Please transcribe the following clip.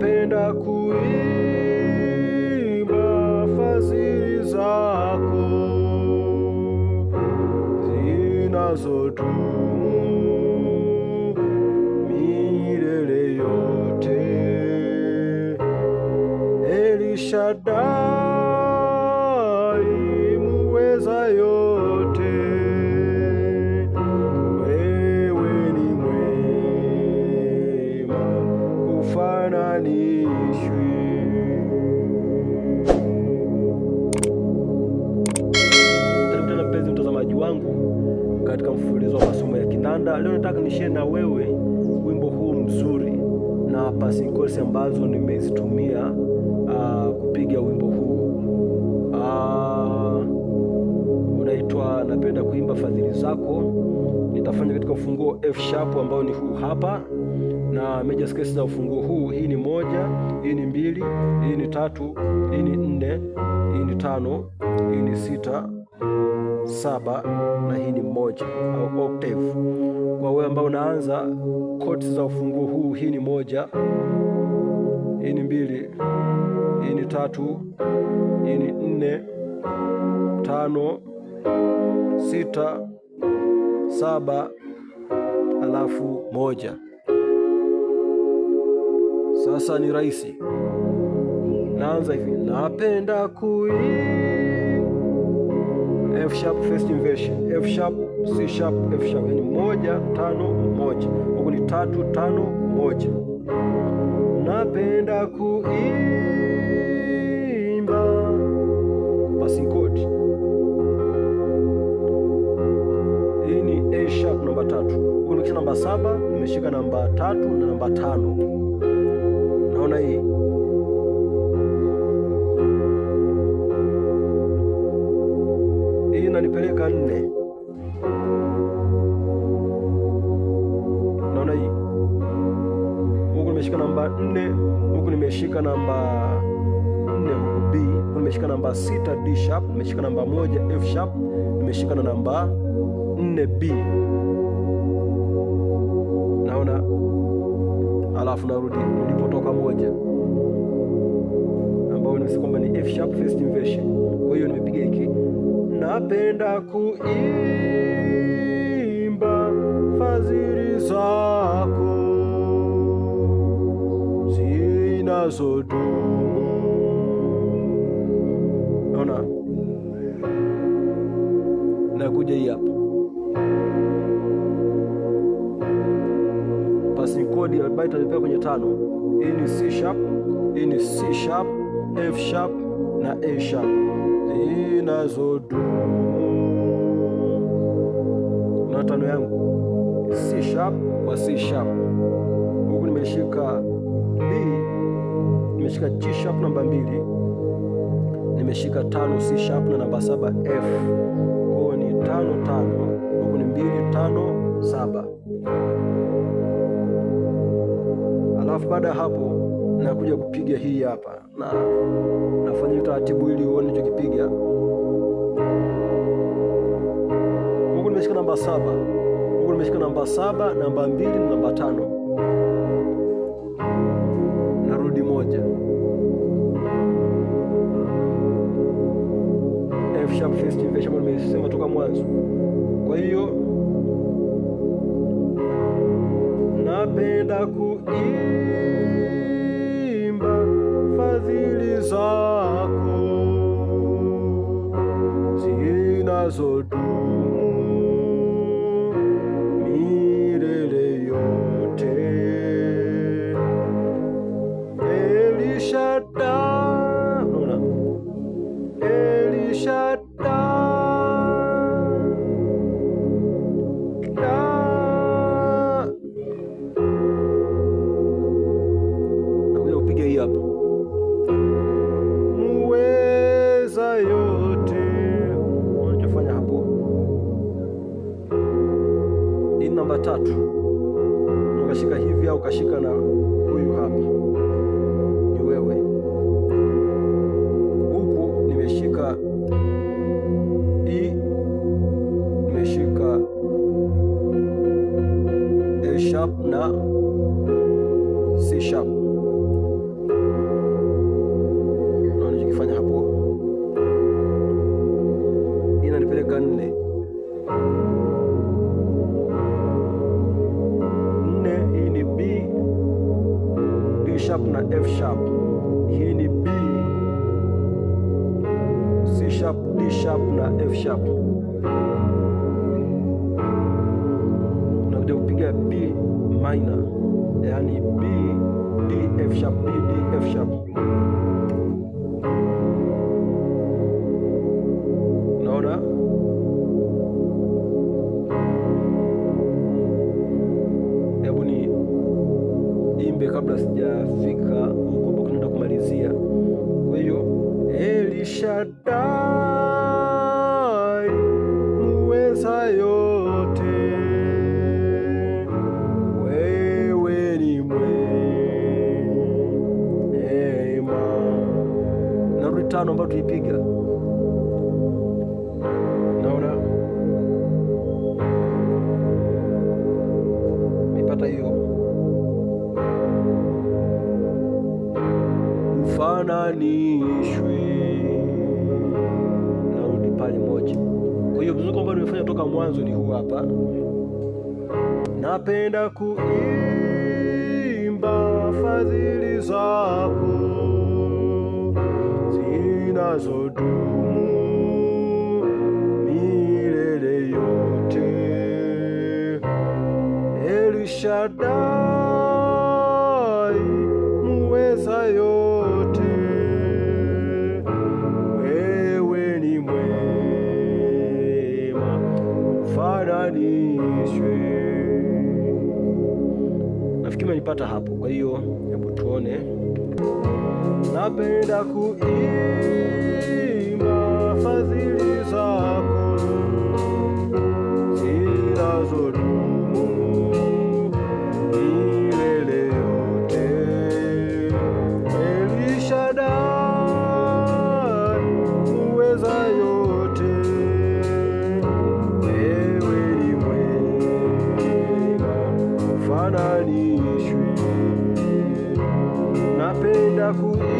napenda kuimba fasihi zako zinazodumu milele yote. Elishadai Tanda, leo nataka nishie na wewe wimbo huu mzuri na passing chords ambazo nimezitumia uh, kupiga wimbo huu uh, unaitwa napenda kuimba fadhili zako. Nitafanya katika ufunguo F sharp ambao ni huu hapa, na major scales za ufunguo huu. Hii ni moja, hii ni mbili, hii ni tatu, hii ni nne, hii ni tano, hii ni sita saba na hii ni moja au octave. Kwa wewe ambao unaanza chords za ufunguo huu, hii ni moja, hii ni mbili, hii ni tatu, hii ni nne, tano, sita, saba, alafu moja. Sasa ni rahisi, naanza hivi, napenda kui F sharp first inversion, F sharp C sharp F sharp, yani moja tano moja, huku ni tatu tano moja. Napenda kuimba passing chord, hii ni A sharp namba tatu, huku nikisha namba saba nimeshika namba tatu na namba tano, naona hii unanipeleka nne. Naona hii huku nimeshika namba nne, huku nimeshika namba nne, huku B nimeshika namba sita D sharp, nimeshika namba moja F sharp, nimeshika na namba nne B. Naona alafu narudi nilipotoka moja ambayo ni F sharp first inversion. Kwa hiyo nimepiga hiki napenda kuimba fadhili zako zinazodumu. Naona nakuja hii hapa kodi chord albaita kwenye tano. Hii ni C sharp, hii ni C sharp, F sharp na A sharp zinazodumu. Na tano yangu C sharp kwa C sharp, huku nimeshika B, nimeshika G sharp namba mbili, nimeshika tano C sharp na namba saba F. Kwao ni tano tano, huku ni mbili tano saba. Alafu baada ya hapo nakuja kupiga hii hapa, na nafanya utaratibu ili uone nichokipiga huku. Nimeshika namba saba, huku nimeshika namba saba, namba mbili na namba tano, narudi moja, F sharp nimesema toka mwanzo. Kwa hiyo napenda ku Shaddai. No, hii hapa, muweza yote. Unachofanya hapo ini namba tatu, ukashika hivi au ukashika na D sharp na F sharp. Unakuja kupiga B minor, yaani B D F sharp, B D F sharp. Unaona? Hebu ni imbe kabla sijafika huko, tunaenda kumalizia. Kwa hiyo elishada makosa yote, wewe ni mwema. Narudi tano ambayo tuipiga, naona mipata hiyo ufananishwe kutoka mwanzo ni huu hapa. Napenda kuimba fadhili zako zinazodumu milele yote, Elishadai hiki umenipata hapo. Kwa hiyo hebu tuone, napenda kuimba fadhili zako cura.